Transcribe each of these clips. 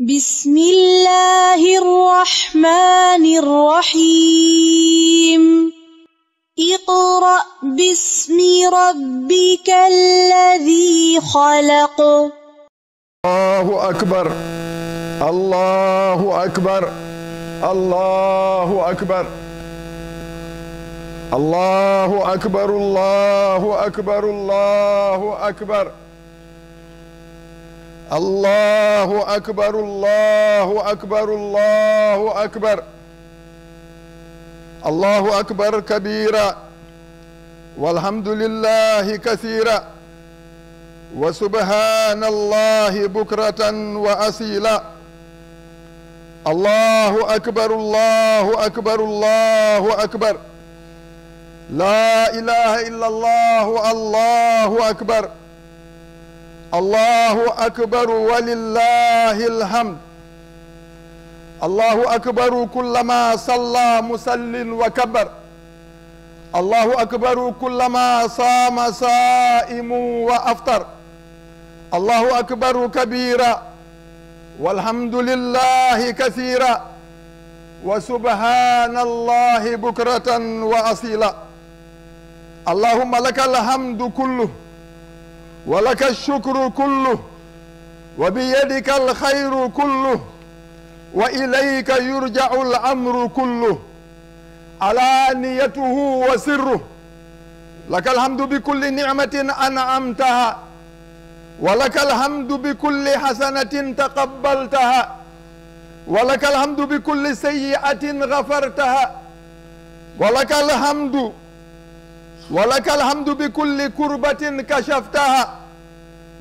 بسم الله الرحمن الرحيم اقرأ باسم ربك الذي خلق الله أكبر الله أكبر الله أكبر الله أكبر الله أكبر الله أكبر, الله أكبر الله أكبر الله أكبر الله أكبر الله أكبر كبيرا والحمد لله كثيرا وسبحان الله بكرة وأصيلا الله أكبر الله أكبر الله أكبر لا إله إلا الله الله أكبر الله أكبر ولله الحمد الله أكبر كلما صلى مسل وكبر الله أكبر كلما صام صائم وأفطر الله أكبر كبيرا والحمد لله كثيرا وسبحان الله بكرة وأصيلا اللهم لك الحمد كله ولك الشكر كله وبيدك الخير كله وإليك يرجع الأمر كله علانيته وسره لك الحمد بكل نعمة أنعمتها ولك الحمد بكل حسنة تقبلتها ولك الحمد بكل سيئة غفرتها ولك الحمد ولك الحمد بكل كربة كشفتها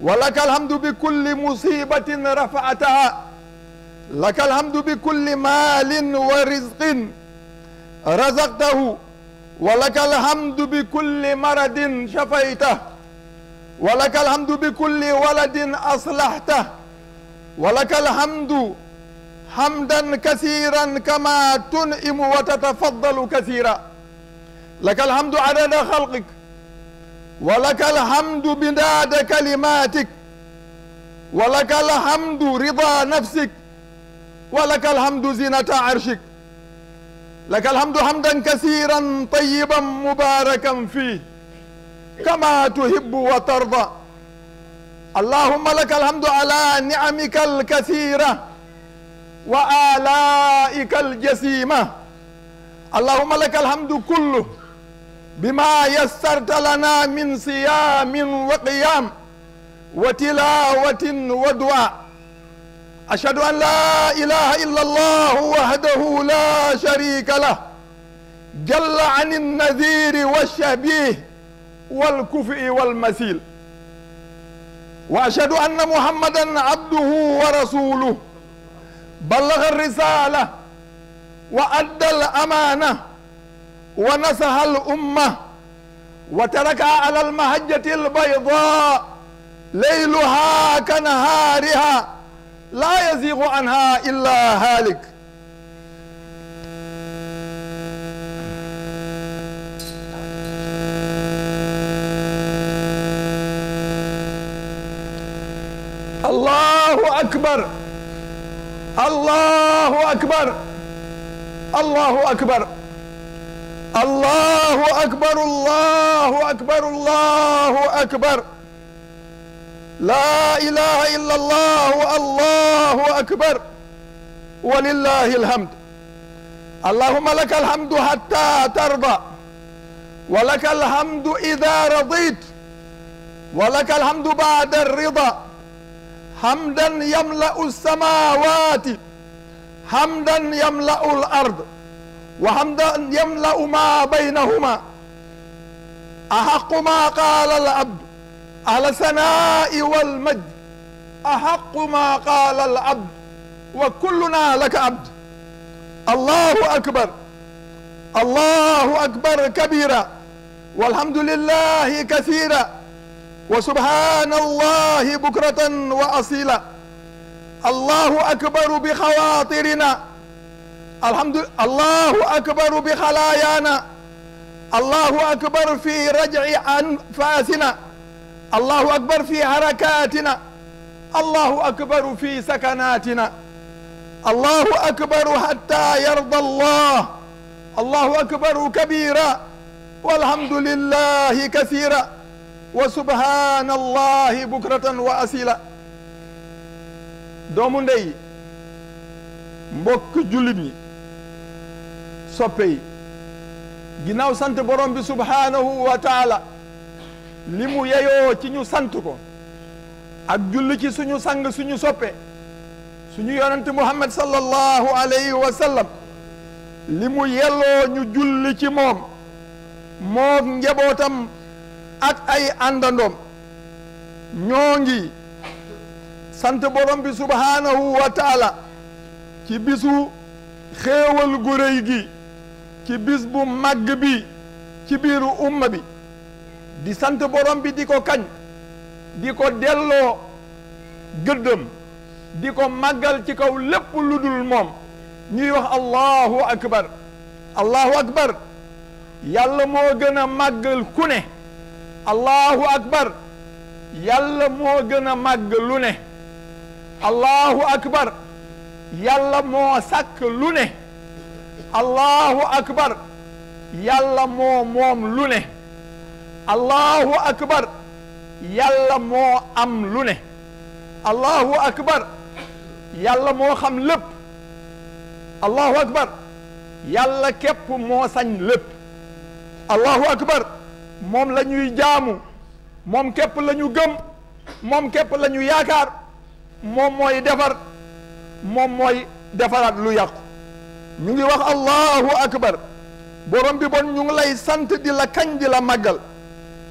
ولك الحمد بكل مصيبة رفعتها لك الحمد بكل مال ورزق رزقته ولك الحمد بكل مرض شفيته ولك الحمد بكل ولد أصلحته ولك الحمد حمدا كثيرا كما تنئم وتتفضل كثيرا لك الحمد عدد خلقك ولك الحمد بداد كلماتك ولك الحمد رضا نفسك ولك الحمد زينة عرشك لك الحمد حمدا كثيرا طيبا مباركا فيه كما تحب وترضى اللهم لك الحمد على نعمك الكثيرة وآلائك الجسيمة اللهم لك الحمد كله بما يسرت لنا من صيام وقيام وتلاوة ودعاء أشهد أن لا إله إلا الله وحده لا شريك له جل عن النذير والشبيه والكفء والمثيل وأشهد أن محمدا عبده ورسوله بلغ الرسالة وأدى الأمانة ونسها الأمة وتركها على المهجة البيضاء ليلها كنهارها لا يزيغ عنها إلا هالك الله أكبر الله أكبر الله أكبر الله أكبر الله أكبر الله أكبر لا إله إلا الله الله أكبر ولله الحمد اللهم لك الحمد حتى ترضى ولك الحمد إذا رضيت ولك الحمد بعد الرضا حمدا يملأ السماوات حمدا يملأ الأرض وحمدا يملأ ما بينهما أحق ما قال العبد على الثناء والمجد أحق ما قال العبد وكلنا لك عبد الله أكبر الله أكبر كبيرا والحمد لله كثيرا وسبحان الله بكرة وأصيلا الله أكبر بخواطرنا الحمد لله الله أكبر بخلايانا الله أكبر في رجع أنفاسنا الله أكبر في حركاتنا الله أكبر في سكناتنا الله أكبر حتى يرضى الله الله أكبر كبيرا والحمد لله كثيرا وسبحان الله بكرة وأسيلا دومون دي مبك jullit soppe yi ginnaaw sant borom bi subhaanahu wa taala li yeyoo ci ñu sant ko ak julli ci suñu sang suñu soppe suñu yonent muhammad sallallahu alayhi wa sallam li ñu julli ci moom moog njabootam ak ay àndandoom ñoo ngi sant borom bi subhaanahu wa taala ci bisu xéewal gu gi ci bis bu màgg bi ci biiru umma bi di sant borom bi di ko kañ di ko delloo gëddëm di ko màggal ci kaw lépp lu dul moom ñuy wax allahu akbar allahu akbar yàlla moo gën a màggal gën a màgg lu ne allahu akbar yàlla moo sàkk lu ne allahu akbar yàlla moo moom lu ne allahu akbar yàlla moo am lu ne allahu akbar yàlla moo xam lépp allahu akbar yàlla képp moo sañ lépp allahu akbar moom la ñuy jaamu moom képp la gëm moom képp lañu yaakaar moom mooy defar moom mooy defaraat lu yàqu ñu ngi wax allahu akbar borom bi bon ñu ngi lay sant di la kañ di la màggal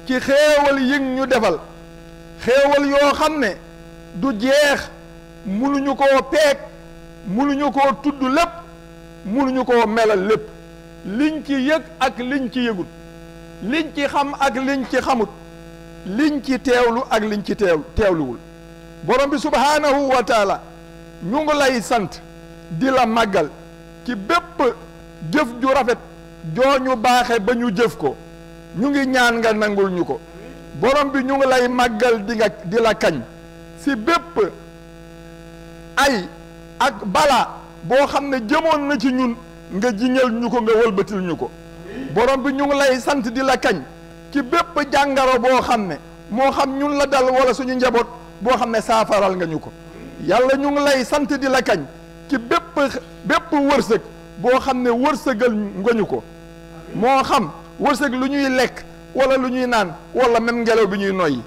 ci xéewal yëg ñu defal xéewal yoo xam ne du jeex munuñu koo peeg munuñu ko tudd lépp munuñu ko melal lépp liñ ci yëg ak liñ ci yëgul liñ ci xam ak liñ ci xamut liñ ci teewlu ak liñ ci teew teewluwul borom bi subhaanahu wa taala ñu ngi lay sant di la màggal ci bépp jëf ju rafet joo ñu baaxe ba ñu jëf ko ñu ngi ñaan nga nangul ñu ko borom bi ñu ngi lay màggal di nga di la kañ si bépp ay ak bala boo xam ne jëmoon na ci ñun nga jiñal ñu ko nga wëlbatil ñu ko borom bi ñu ngi lay sant di la kañ ci bépp jàngaro boo xam ne moo xam ñun la dal wala suñu njaboot boo xam ne saafaral nga ñu ko yàlla ñu ngi lay sant di la kañ ci bépp bépp wërsëg bo xamné ne ngoñu ko mo xam wërsëg lu ñuy wala lu ñuy naan wala même ngelaw bi ñuy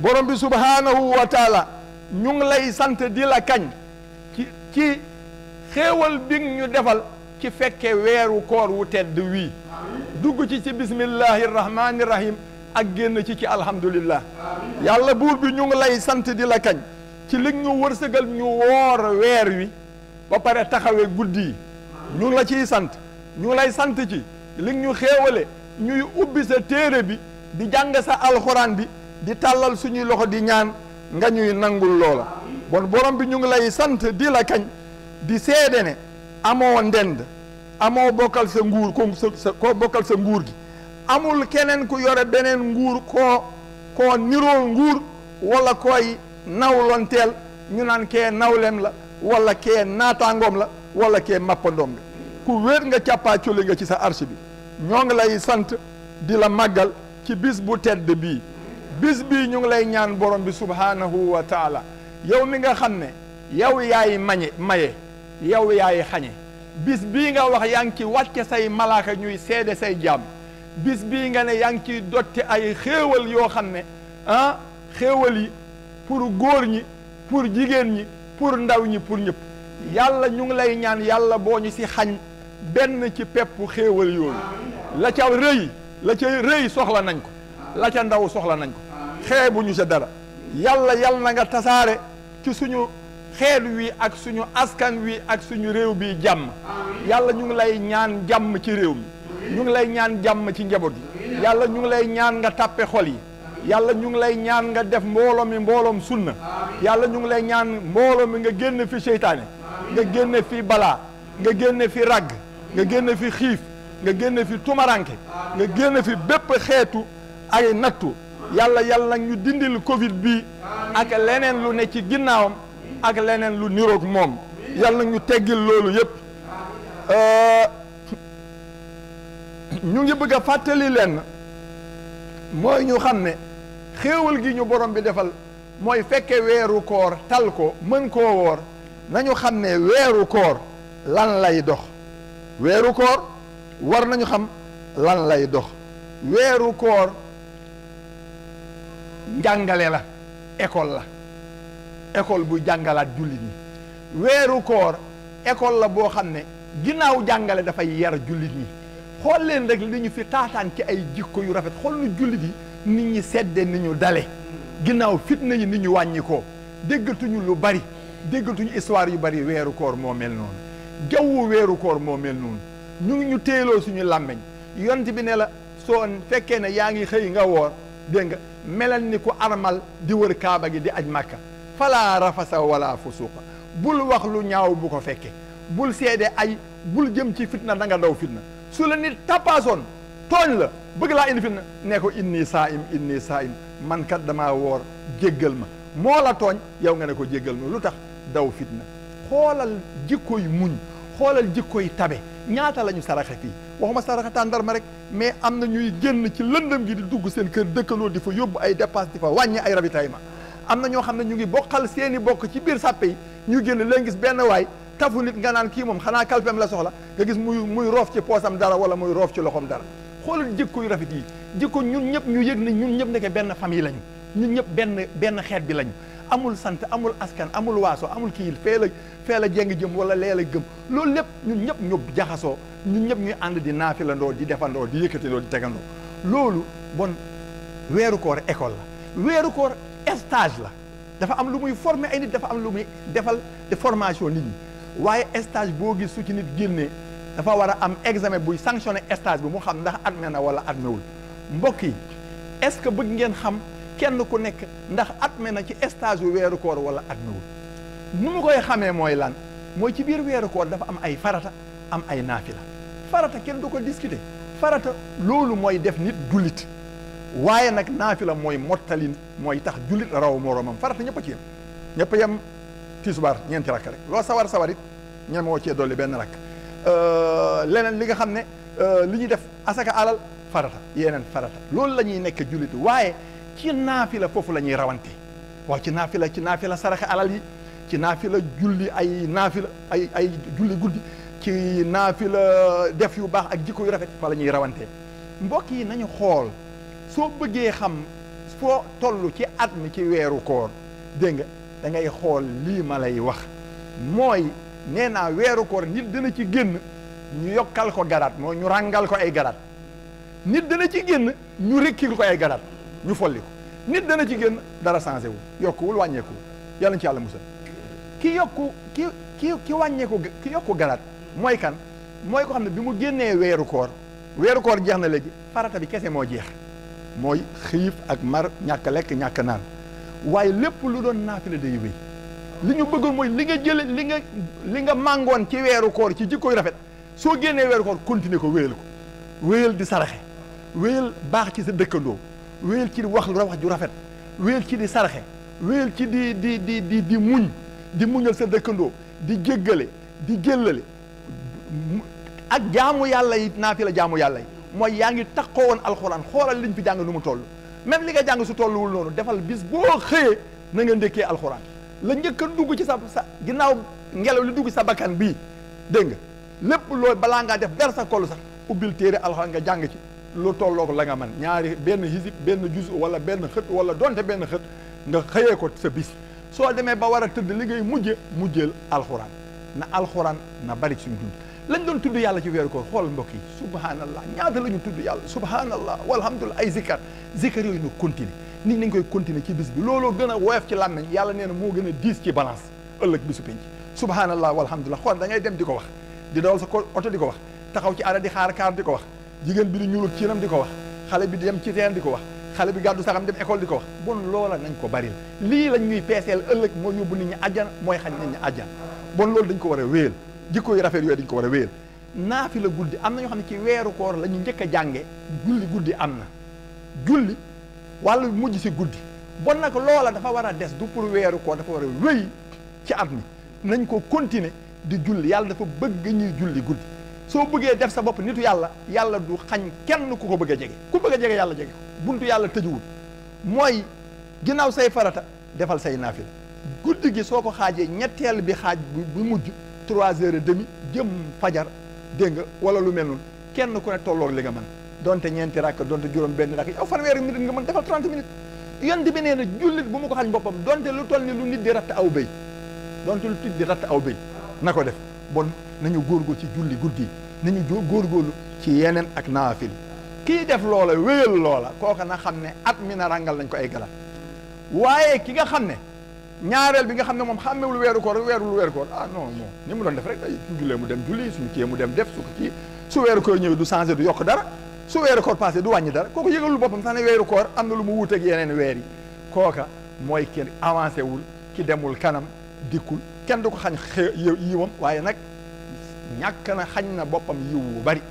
borom bi subhanahu wa taala ñu ngi lay sante di la kañ ci ci xéewal bi ñu défal ci féké wéru koor wu tedd wi dugg ci ci bismillahir rahmanir rahim ak genn ci ci alhamdulillah yalla bur bi ñu ngi lay sante di la kañ ci li ñu ñu wor wi ba pare taxawee guddi yi ñu la ciy sant ñu lay sant ci li ñu xéewale ñuy ubbi sa téere bi di jàng sa alxuraan bi di tàllal suñuy loxo di ñaan nga ñuy nangul loola bon borom bi ñu ngi lay sant di la kañ di seede ne amoo ndend amoo bokkal sa nguur ko sa koo bokkal sa nguur gi amul keneen ku yore beneen nguur koo koo nirool nguur wala koy nawlonteel ñu naan kee nawlem la wala kee naataangoom la wala kee mappandoom nga ku wér nga càppaa culi nga ci sa arche bi ñoo ngi lay sant di la màggal ci bis bu tedd bii bis bii ñu ngi lay ñaan borom bi subhaanahu wa taala yow mi nga xam ne yow yaay mañe maye yow yaay xañe bis bii nga wax yaa ngi ci wàcce say malaaka ñuy seede say jaam bis bii nga ne yaa ngi ciy dotti ay xéewal yoo xam ne ah xéewal yi pour góor ñi pour jigéen ñi pour ndaw ñi pour ñëpp yàlla ñu ngi lay ñaan yàlla boo ñu si xañ benn ci peppu xéewal yooyu la ca rëy la ca rëy soxla nañ ko la ca ndaw soxla nañ ko ñu sa dara yàlla yàlla na nga tasaare ci suñu xeet wi ak suñu askan wi ak suñu réew bi jàmm yàlla ñu ngi lay ñaan jàmm ci réew mi ñu ngi lay ñaan jàmm ci njaboot yi yàlla ñu ngi lay ñaan nga tàppe xol yi yàlla ñu ngi lay ñaan nga def mbooloo mi mbooloom sunna yàlla ñu ngi lay ñaan mbooloo mi nga génn fi seytaane nga génn fi balaa nga génn fi ràgg nga génn fi xiif nga génn fi tumaranke nga génn fi bépp xeetu ay nattu yàlla yàlla nag ñu dindil covid bi ak leneen lu ne ci ginnaawam ak leneen lu niroog moom yàlla ñu teggil loolu yépp euh, ñu ngi bëgg a fàttali leen mooy ñu xam ne xéewal gi ñu borom bi defal mooy fekke weeru koor tal ko mën koo woor nañu xam ne weeru koor lan lay dox weeru koor war nañu xam lan lay dox weeru koor jàngale la école la école bu jàngalaat jullit ñi weeru koor école la boo xam ne ginnaaw jàngale dafay yar jullit yi xool leen rek li ñu fi taataan ci ay jikko yu rafet xool nu jullit yi nit ñi sedd ni ñu dale ginnaaw fitna yi ni ñu wàññikoo déggatuñu lu bari déggatuñu histoire yu bari weeru koor moo mel noonu jawwu weeru koor moo mel noonu ñu ngi ñu téeloo suñu làmmeñ yont bi ne la soo fekkee ne yaa ngi xëy nga woor dégg nga melal ni ku armal di wër kaaba gi di aj màkka falaa rafasa wala fusuqa bul wax lu ñaaw bu ko fekkee bul seede ay bul jëm ci fitna da nga daw fitna su la nit tappaasoon tooñ la bëgg laa indi fi na ne ko inni saa im inni saa im man kat damaa woor jéggal ma moo la tooñ yow nga ne ko jéggal ma lu tax daw fitna xoolal jikkoy muñ xoolal jikkoy tabe ñaata la ñu saraxe fii waxuma saraxe tàndarma rek mais am na ñuy génn ci lëndëm gi di dugg seen kër dëkkaloo di fa yóbbu ay dépense di fa wàññi ay ravitaillement am na ñoo xam ne ñu ngi bokkal seeni bokk ci biir sàppe yi ñu génn leen gis benn waay tafu nit nga naan kii moom xanaa kalpem la soxla nga gis muy muy roof ci poosam dara wala muy roof ci loxoom dara xoolal jikko yu rafet yi jikko ñun ñëpp ñu yëg ne ñun ñëpp nekk benn famille lañu ñun ñëpp benn benn xeet bi lañu amul sant amul askan amul waaso amul kii fee la fee la jeng jëm wala lee la gëm loolu lépp ñun ñëpp ñu jaxasoo ñun ñëpp ñuy ànd di naafilandoo di defandoo di yëkkatindoo di tegandoo loolu bon weeru koor école la weeru koor stage la dafa am lu muy former ay nit dafa am lu muy defal de formation nit ñi waaye estage boo gis su ci nit génnee dafa war a am examen buy sanctionné stage bi mu xam ndax admis na wala admiwul mbokk yi est-ce que bëgg ngeen xam kenn ku nekk ndax admis na ci estage yu weeru koor wala admiwul nu mu koy xamee mooy lan mooy ci biir weeru koor dafa am ay farata am ay naafila farata kenn du ko discuter farata loolu mooy def nit jullit waaye nag naafila mooy mottalin mooy tax jullit raw moroomam farata ñëpp a ci yem ñëpp a yem tisbaar ñeenti rakk rek loo sawar sawar it ñemoo cee dolli benn rakk Euh, leneen li nga xam ne euh, li ñuy def asaka alal farata yeneen farata loolu la ñuy nekk jullit waaye ci la foofu la ñuy rawante waaw ci la ci la saraxa alal yi ci naafila julli ay naafi la ay ay julli guddi ci naafila def yu baax ak jikko yu rafet fa la ñuy rawante mbokk yi nañu xool soo bëggee xam foo toll ci at mi ci weeru koor dégg dangay xool lii ma lay wax mooy nee naa weeru koor nit dana ci génn ñu yokkal ko garaat moo ñu ràngal ko ay garaat nit dana ci génn ñu rekkil ko ay garaat ñu folli ko nit dana ci génn dara changé wu yokkuwul wàññeeku yàlla ci yàlla musal ki yokk ki ki ki wàññeeku ki yokku garaat mooy kan mooy ko xam ne bi mu génnee weeru koor weeru koor jeex na léegi farata bi kese moo jeex mooy xiif ak mar ñàkk lekk ñàkk naan waaye lépp lu doon naafila day wéy li ñu bëggoon mooy li nga jële li nga li nga màngoon ci weeru koor ci jikko yu rafet soo génnee weeru koor continuer ko wéyal ko wéyal di saraxe wéyal baax ci sa dëkkandoo wéyal ci di wax lu ju rafet wéyal ci di saraxe wéyal ci di di di di di muñ di muñal sa dëkkandoo di jéggale di jéllale ak jaamu yàlla yi naa fi la jaamu yàlla yi mooy yaa ngi takkoo woon alxuraan xoolal liñ fi jàng lu mu toll même li nga jàng su tolluwul noonu defal bis boo xëyee na nga ndékkee alxuraan la njëkk a dugg ci sa sa ginnaaw ngelaw li dugg sa bakkan bii dégg nga lépp lool balaa ngaa def dara sa kol sax ubbil téere alxuraan nga jàng ci lu tolloog la nga man ñaari benn hisib benn jus wala benn xët wala donte benn xët nga xëyee ko sa bis soo demee ba war a tëdd li ngay mujje mujjeel alxuraan na alxuraan na bari ci suñu dund lañ doon tudd yàlla ci weer koor xool mbokk yi subhanallah ñaata la ñu tudd yàlla subhanallah walhamdulillah ay zikkar zikkar yooyu nu continuer nit nañ koy continuer ci bis bi looloo gën a woyof ci làmmeñ yàlla nee na moo gën a diis ci balance ëllëg bisu penc subhanallah walhamdulillah xool da ngay dem di ko wax di dawal sa ko oto di ko wax taxaw ci arrêt di xaar kaar di ko wax jigéen bi di ñuulut ciinam di ko wax xale bi dem ci teen di ko wax xale bi gàddu saxam dem école di ko wax bon loola nañ ko la lii lañ ñuy peeseel ëllëg moo yóbbu nit ñi àjjan mooy xam nit ñi àjjan bon loolu dañ ko war a wéyal jikko yu rafet yooyu dañ ko war a wéyal naafi la guddi am na ñoo ne ci weeru koor la ñu njëkk a jànge julli guddi am na julli wala mujj si guddi bon nag loola dafa war a des du pour weeru koor dafa war a wéy ci at mi nañ ko continuer di julli yàlla dafa bëgg ñuy julli guddi soo bëggee def sa bopp nitu yàlla yàlla du xañ kenn ku ko bëgg a jege ku bëgg a jege yàlla jege ko buntu yàlla tëjuwul mooy ginnaaw say farata defal say naafila guddi gi soo ko xaajee ñetteel bi xaaj bu mujj trois heures et demi jëm fajar dégg nga wala lu mel noonu kenn ku ne tolloog li nga mën donte ñenti rak donte juroom benn rak yow fan wéru minute nga mën defal 30 minutes yoon di nee na jullit bu mu ko xañ bopam donte lu toll ni lu nit di ratt aw béy donte lu tudd di ratt aw béy nako def bon nañu góorgóor ci julli guddi nañu lu ci yenen ak nafil ki def lola weyel lola kooka na xamne at mi na rangal lañ ko ay galat waye ki nga xamne ñaarel bi nga xam ne moom wéru ko koor weerul weeru koor ah non non ni mu don def rek ay julle mu dem julli suñu ci mu dem def suñu ci su wéru ko ñëwee du changer du yok dara su weeru koor passé du wàññi dara kooku yëgalul boppam sax ne weeru koor am na lu mu wuuteeg yeneen weer yi kooka mooy kenn avancé wul ki demul kanam dikkul kenn du ko xañ yiwam waaye nag ñàkk na xañ na boppam yiw wu bari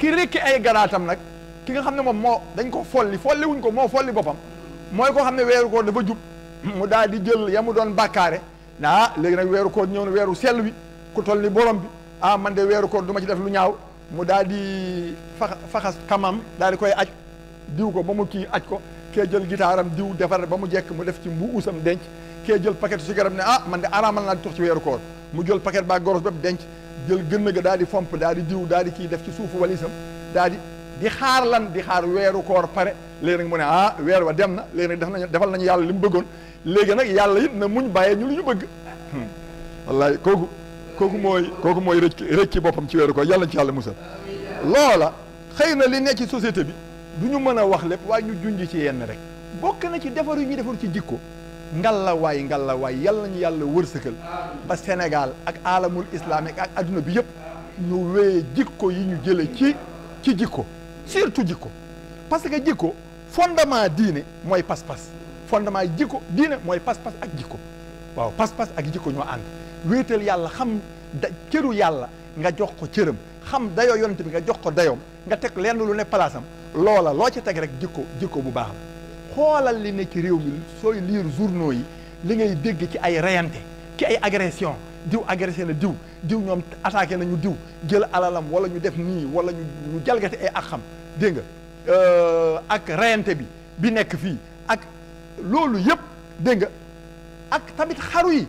ki rekki ay garaatam nag ki nga xam ne moom moo dañ ko folli folli ko moo folli boppam mooy koo xam ne weeru koor dafa jub mu daal di jël ya doon bàkkaare ah léegi nag weeru koor ñëw na weeru sell wi ku toll ni borom bi ah man de weeru koor du ma ci def lu ñaaw mu daal di fax faxas kamam daal di koy aj diw ko ba mu kii aj ko kee jël gitaaram diw defar ba mu jekk mu def ci mbu usam denc kee jël paquet sigaram ne ah man de araamal naa di tox ci weeru koor mu jël paquet baa goros bépp denc jël gën ga daal di fomp daal di diw daal di kii def ci suufu walisam daal di di xaar lan di xaar weeru koor pare léegi nag mu ne ah weer wa dem na léegi nag def nañu defal nañu yàlla li mu bëggoon léegi nag yàlla it na muñ bàyyee ñu ñu bëgg hmm. wallaay kooku kooku mooy kooku mooy rëcc rëcc boppam ci weeru koor yàlla ci yàlla musal loola xëy na li nekk ci société bi du ñu mën a wax lépp waaye ñu junj ci yenn rek bokk na ci defar yu ñuy defar ci jikko ngalla waay ngalla waay yàlla nañu yàlla wërsëgal ba Sénégal ak alamul islamique ak adduna bi yëpp ñu wéyee jikko yi ñu jële ci ci jikko surtout jikko parce que jikko fondement diine mooy pas-pas fondement jikko diine mooy pas-pas ak jikko waaw pas-pas ak jikko ñoo wéetal yàlla xam da cëru yàlla nga jox ko cëram xam dayoo yonent bi nga jox ko dayoom nga teg lenn lu ne palaasam loola loo ci teg rek jikko jikko bu baax la xoolal li ne ci réew mi sooy lire journaux yi li ngay dégg ci ay reyante ci ay agression diw agressé na diw diw ñoom attaqué nañu diw jël alalam wala ñu def nii wala ñu jalgati ay ak xam dégg nga ak reyante bi bi nekk fii ak loolu yëpp dégg nga ak tamit xaru yi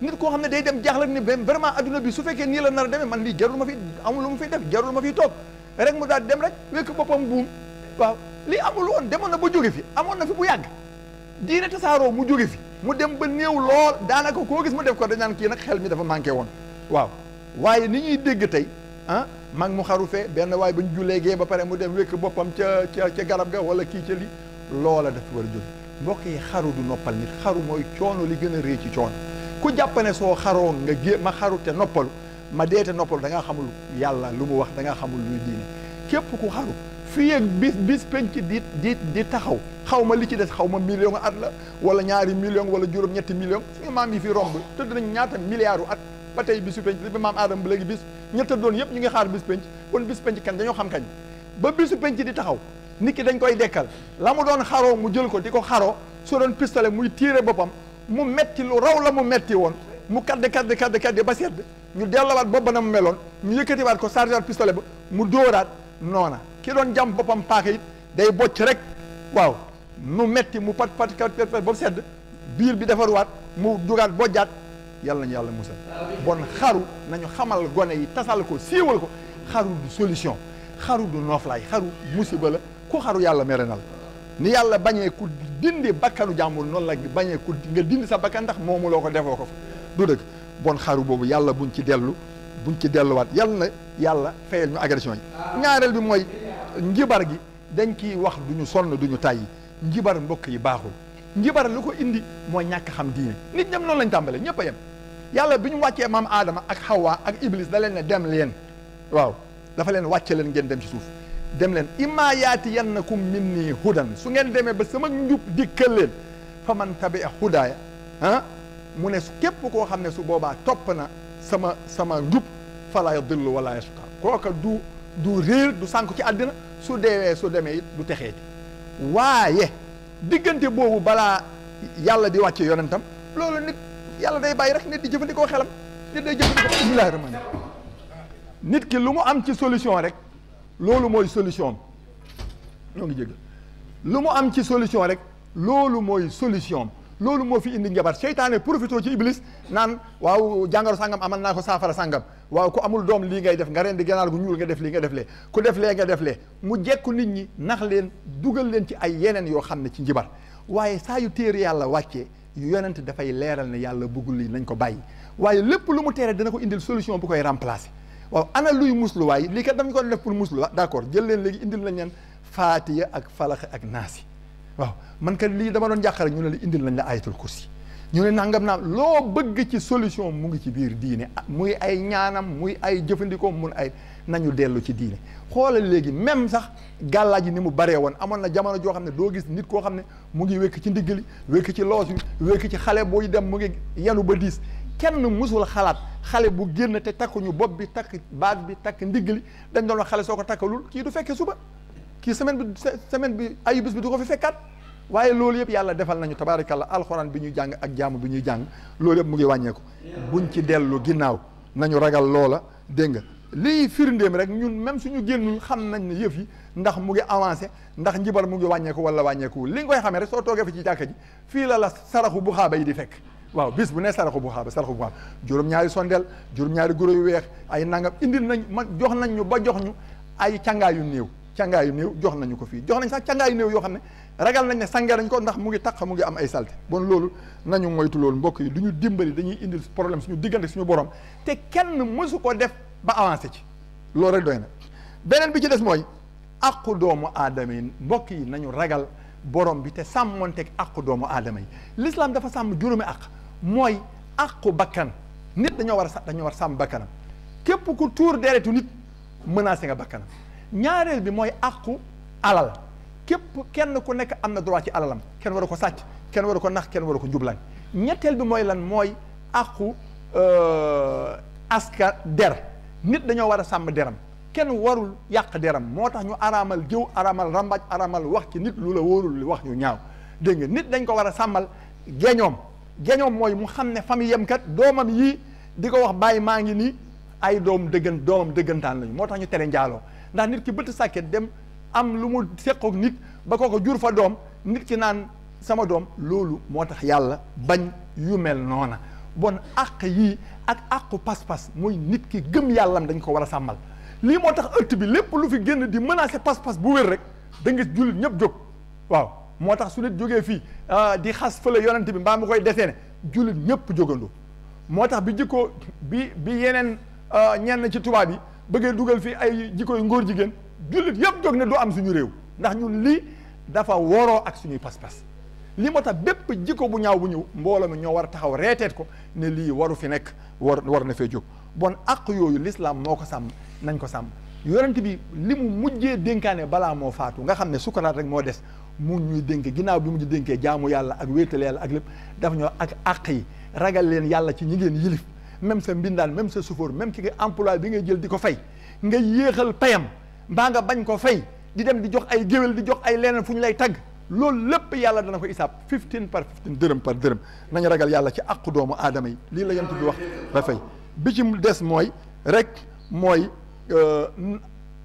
nit koo xam ne day dem jaaxle ni vraiment adduna bi su fekkee nii la nar a demee man lii jarul ma fi amul lu ma fiy def jarul ma fi toog rek mu daal dem rek wékk boppam buum waaw lii amul woon demoon na ba jóge fi amoon na fi bu yàgg diine tasaaroo mu jóge fi mu dem ba néew lool daanaka koo gis mu def ko dañ kii nag xel mi dafa manqué woon waaw waaye ni ñuy dégg tey ah mag mu xaru fee benn waaye ba ñu jullee gee ba pare mu dem wékk boppam ca ca ca garab ga wala kii ca li loola dafa war mbokk yi xaru du noppal nit xaru mooy coono li gën a rëy ci coono ku jàppane soo xaroo nga gé ma xaru te noppalu ma deete te noppalu da ngaa xamul yàlla lu mu wax da xamul luy diine képp ku xaru fii ak bis bis penc di di di taxaw xaw ma li ci des xaw ma million at la wala ñaari million wala juróom-ñetti million suñu maam yi fi romb tëdd nañ ñaata milliards at ba tey bisu penc li bi maam aadama ba léegi bis ñett doon yëpp ñu ngi xaar bis penc kon bis penc kañ dañoo xam kañ ba bisu penc di taxaw nit ki dañ koy dekkal la mu doon xaroo mu jël ko di ko xaroo soo doon pistolet muy tiire boppam mu metti lu raw la mu metti woon mu kadde kadde kadde kadde ba sedd ñu dellowaat boobu na mu meloon ñu yëkkatiwaat ko chargé pistolet ba mu dóoraat noona ki doon jàmm boppam paaka it day bocc rek waaw mu metti mu pat pat pat pat sedd biir bi defaruwaat mu dugaat bojjaat yàlla nañu yàlla musal bon xaru nañu xamal gone yi tasal ko siiwal ko xaru du solution xaru du nooflaay xaru musiba la ku xaru yàlla mere na la ni yàlla bañee ku dindi bakkanu jàmbur noonu la bañee ku nga dindi sa bakkan ndax moomu loo ko defoo ko fa du dëgg bon xaru boobu yàlla bu buñ ci dellu buñ ci delluwaat yal na yàlla fayal ñu agression yi ñaareel bi mooy njibar gi dañ kiy wax duñu sonn duñu tàyyi njibar mbokk yi baaxul njibar lu ko indi mooy ñàkk xam diine nit ñam noonu lañ tàmbalee ñëpp a yem yàlla bi ñu wàccee maam aadama ak Hawa ak Iblis da leen ne dem leen waaw dafa leen wàcce leen ngeen dem ci suuf dem leen imma yaati yannakum min nii hudan su ngeen demee ba sama njub di leen fa man tabi a hudaaya ah, mu ne su képp koo xam ne su boobaa topp na sama sama njub fala yadillu wala yashqa kooka du du réer du sànku ci àddina su deewee su demee it du texee di waaye diggante boobu balaa yàlla di wàcce yonentam loolu nit yàlla day bàyyi rek nit di jëfandikoo xelam nit day jëfandikoo bismillahi rahmaani nit ki lu mu am ci solution rek loolu mooy solution am ñoo ngi jégg lu mu am ci solution rek loolu mooy solution loolu moo fi indi njabar seytaane profité ci iblis naan waaw jàngaro sàngam amal naa ko saafara sàngam waaw ku amul doom lii ngay def nga rendi ganaar gu ñuul nga def lii nga def lee ku def lee nga def lee mu jekku nit ñi nax leen dugal leen ci ay yeneen yoo xam ne ci njibar waaye saa yu téere yàlla wàccee yonent dafay leeral ne yàlla bëggul lii nañ ko bàyyi waaye lépp lu mu teere dina ko indil solution bu koy remplacer waaw ana luy musluwaay lii kat dañ ko def pour musluwa ah, d'accord jël leen léegi indil nañ leen faatiya ak falax ak naasi waaw man kat lii dama doon jàqare ñu ne la indil nañ la ayatul kursi ñu ne nangam naam loo bëgg ci solution mu ngi ci biir diine ah, muy ay ñaanam muy ay jëfandikoo ay nañu dellu ci diine xoolal léegi même sax gàllaaj yi ni mu baree woon amoon na jamono joo xam ne doo gis nit koo xam ne mu ngi wékk ci ndigg li wékk ci loos wi wékk ci xale booy dem mu ngi yenu ba diis kenn musul xalaat xale bu génn te takkuñu bopp bi takk baat bi takk li dañ doon wax xale soo ko takkalul kii du fekkee suba kii semaine bi semaine bi ayu bis bi du ko fi fekkaat waaye loolu yëpp yàlla defal nañu tabaarakallah alxuraan bi ñuy jàng ak jaamu bi ñuy jàng loolu yëpp mu ngi wàññeeku buñ ci dellu ginnaaw nañu ragal loola dégg nga lii firndéem rek ñun même suñu génnul xam nañ ne yëf yi ndax mu ngi avancé ndax njibal mu ngi wàññeeku wala wàññeeku li koy xamee rek soo toogee fi ci jàkka ji fii la la saraxu bu xaaba yi di fekk waaw bis bu ne saraxu bu xaaba saraxu bu xaaba juróom-ñaari sondeel juróom-ñaari guro yu weex ay nangam indil nañ ma jox nañ ñu ba jox ñu ay càngaay yu néew càngaay yu néew jox nañu ko fii jox nañ sax càngaay yu néew yoo xam ne ragal nañ ne sàngee nañ ko ndax mu ngi taq mu ngi am ay salte bon loolu nañu moytu loolu mbokk yi du ñu dimbali dañuy indil problème suñu diggante suñu borom te kenn mësu ko def ba avancé ci loolu rek doy na beneen bi ci des mooy aqu doomu aadama yi mbokk yi nañu ragal borom bi te sàmmonteeg aqu doomu aadama yi l'islam dafa sàmm juróomi àq Moy aku bakkan nit dañu wara dañu wara sam sàmm bakkanam képp ku tuur deretu nit menacer nga bakkanam ñaarel bi moy alal kep kenn ku nek amna droit ci alalam kenn waru ko sacc kenn waru ko nax kenn waru ko ñettel bi moy lan mooy euh aska der nit dañu wara sam deram kenn warul yak deram motax ñu aramal jew aramal rambaj aramal wax ci nit lu la wóorul li wax ñu ñaaw nit dañ ko wara samal geñom geñoom mooy mu xam ne famille yam kat doomam yii di ko wax bàyyi maa ngi nii ay doom dëggan doomam dëggantaan lañu moo tax ñu tere njaaloo ndax nit ki bëtt sàkket dem am lu mu seqoog nit ba kooko jur fa doom nit ki naan sama doom loolu moo tax yàlla bañ yu mel noona bon àq yii ak àqu pas-pas muy nit ki gëm yàllam dañ ko war a sàmmal lii moo tax ëtt bi lépp lu fi génn di menacer pas-pas bu wér rek da nga jullit ñëpp jóg waaw moo tax su nit jógee fii ah, di xas fële yonent bi mbaam mu koy deseene jullit ñëpp jógandoo moo tax bi jikko bi bi yeneen ah, ñenn ci tubaab yi bëggee dugal fii ay jikko yu ngóor jigéen jullit yëpp jóg ne doo am suñu réew ndax ñun lii dafa woroo ak suñuy pas-pas li moo tax bépp jikko bu ñaaw bu ñëw mbooloo mi ñoo war a taxaw reeteet ko ne lii waru fi nekk war war na fee jóg bon àq yooyu lislaam moo ko sàmm nañ ko sàmm yonent bi li mu mujjee dénkaane balaa moo faatu nga xam ne sukaraat rek moo des mu ñuy dénk ginnaaw bi mu dénkee jaamu yàlla ak wéetal yàlla ak lépp daf ñoo ak àq yi ragal leen yàlla ci ñi ngeen yilif même sa mbindaan même sa sufoor même ki nga emploi bi ngay jël di ko fay nga yéexal payam mbaa nga bañ ko fay di dem di jox ay géwél di jox ay leneen fu ñu lay tagg loolu lépp yàlla dana ko isaab fifteen par fifteen dërëm par dërëm nañu ragal yàlla ci àqu doomu aadama yi lii la yent bi wax ba fay bi ci des mooy rek mooy euh,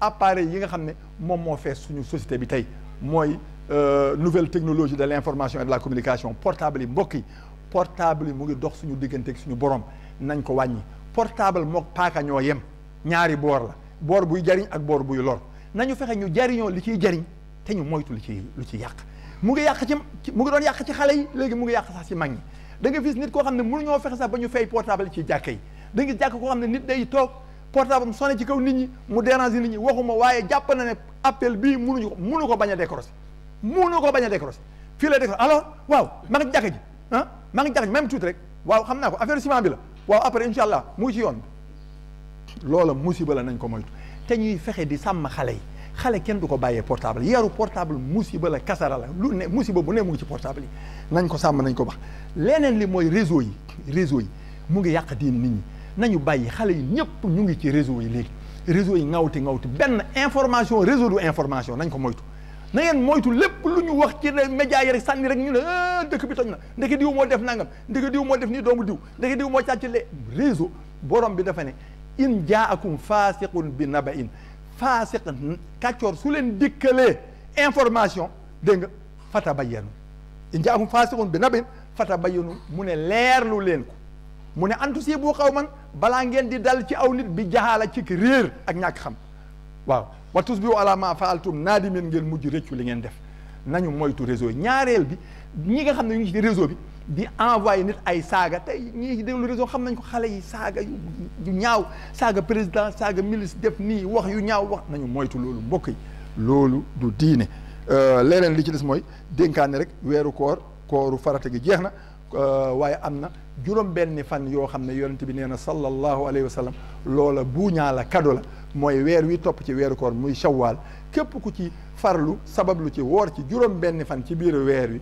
appareil yi nga xam ne moom moo fees suñu société bi tey mooy Euh, nouvelle technologie de l'information et de la communication portable yi portable yi ngi dox suñu diggante ak suñu borom nañ ko wañi portable mok paaka ñoo yem ñaari bor la bor buy jariñ ak bor buy lor nañu fexé ñu jariño li ci jariñ té ñu moytu lu ci lu ci yaq mu ngi yàq ci mu ngi doon yàq ci xalé yi légui mu ngi yàq sax ci magni ñi da nga gis nit ko xamné ne mënuñoo fexe sax ba fay portable ci jàkka yi da nga jakk ko xamné nit day tok portable mu sonné ci kaw nit ñi mu déranger nit ñi waxuma wayé japp na né appel bi mënuñu ko mënu ko baña a mënoo koo bañ a décroché fii la décroché alo waaw ma ngi jàkka ji ah ma ngi même tuuti rek waaw xam naa ko affaire ciment bi la waaw après incha allah mu ci yoon bi loola musiba la nañ ko moytu te ñuy fexe di sàmm xale yi xale kenn du ko bàyyee portable yeeru portable musiba la kasara la lu ne musiba bu ne mu ngi ci portable yi nañ ko sàmm nañ ko bax leneen li mooy réseau yi réseau yi mu ngi yàq diin nit ñi nañu bàyyi xale yi ñëpp ñu ngi ci réseau yi léegi réseau yi ŋawti ŋawti benn information réseau information nañ ko moytu na ngeen moytu lépp lu ñu wax ci média yi rek sànni rek ñu ne ah, dëkk bi toj na ndeke diw moo def nangam ndeke diw moo def nii doomu diw ndeke diw moo càcc le réseau borom bi dafa ne in jaakum faasiqun bi naba in faasiq kàccoor su leen dikkalee information dégg nga fata bayyanu in jaakum faasiqun bi naba in fata bayyanu mu ne leerlu leen ko mu ne antusi bu xaw man balaa ngeen di dal ci aw nit bi jaxaala ci réer ak ñàkk xam waaw wa tusbihu ala ma faaltum naadimin ngeen mujj réccu li ngeen def nañu moytu réseau ñaareel bi ñi nga xam ne ñu ngi ci réseau bi di envoyé nit ay saaga tey ñi déglu réseau xam nañ ko xale yi saaga yu ñaaw saaga président saaga milice def nii wax yu ñaaw wax nañu moytu loolu mbokk yi loolu du diine euh, leneen li ci des mooy dénkaane rek weeru koor kooru farata gi jeex na euh, waaye am na juróom benni fan yoo xam ne yonent bi nee na sallallahu alayhi wa sallam loola buuñaa la kado la mooy weer wi topp ci weeru koor muy shawwaal képp ku ci farlu sabablu ci woor ci juróom benni fan ci biir weer wi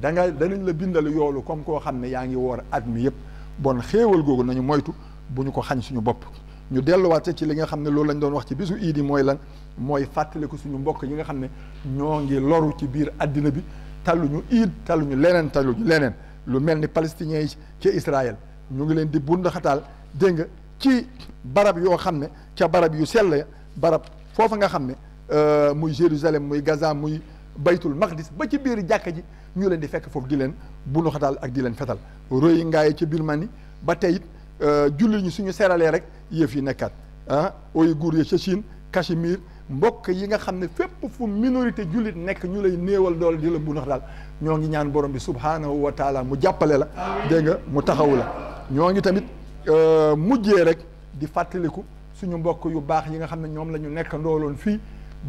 da nga danañ la bindal yoolu comme koo xam ne yaa ngi woor at mi yëpp bon xéewal googu nañu moytu bu ñu ko xañ suñu bopp ñu delluwaate ci li nga xam ne loolu lañ doon wax ci bisu iid yi mooy lan mooy fàttaliku suñu mbokk yi nga xam ne ñoo ngi loru ci biir àddina bi talluñu iid talluñu leneen talluñu leneen lu mel ni palestiniens yi ci Israël ñu ngi leen di bundaxataal dégg nga ci barab yoo xam ne ca barab yu sell barab foofu nga xam ne euh, muy Jérusalem muy Gaza muy baytul maqdis ba ci biir jàkka ji ñu leen di fekk foofu di leen bundaxataal ak di leen fetal Rohingya yi ca Birmanie ba tey it euh, julli ñi suñu seralee rek yëf yi nekkaat ah Ouïghour ya ca Chine Cachemire mbokk yi nga xam ne fépp fu minorité jullit nekk ñu lay néewal doole di la bundaxataal ñoo ngi ñaan borom bi subhaanahu wa taala mu jàppale la dégg nga mu taxaw la ñoo ngi tamit euh, mujjee rek di fàttaliku suñu mbokk yu baax yi nga xam ne ñoom la ñu nekk ndooloon fii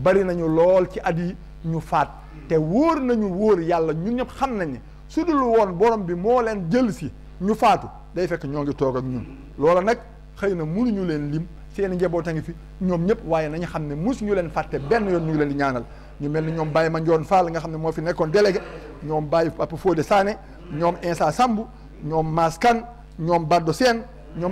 bari nañu lool ci at yi ñu faat te wóor nañu wóor yàlla ñun ñëpp xam nañ ne su dul woon borom bi moo leen jël si ñu faatu day fekk ñoo ngi toog ak ñun loola nag xëy na mënuñu leen lim seen njaboot a ngi fi ñoom ñëpp waaye nañu xam ne musuñu leen fàtte benn yoon ñu ngi leen di ñaanal ñu mel ni ñoom Baye ndion Fall nga xamne mo fi nekkon délégué ñom Baye Papa Fodé Sané ñom Insa sambu ñom maskan ñom ñoom Baddo Sène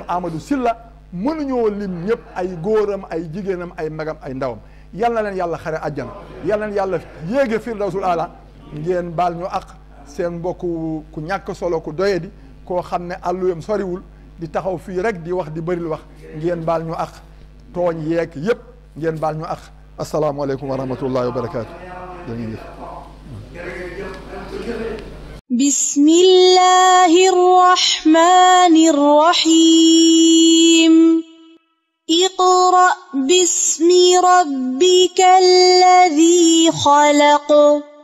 Amadou Silla ñoo lim ñep ay goram ay jigenam ay magam ay ndawam yalla na leen yàlla xare aljana yalla na yalla yegge fil rasul ala ngeen bal ñu ak sen mbokku ku ñak solo ku doye di koo xam ne sori soriwul di taxaw fi rek di wax di beuril wax ngeen bal ñu ak togn yek yep ngeen bal ñu ak السلام عليكم ورحمة الله وبركاته جميل. بسم الله الرحمن الرحيم اقرأ باسم ربك الذي خلق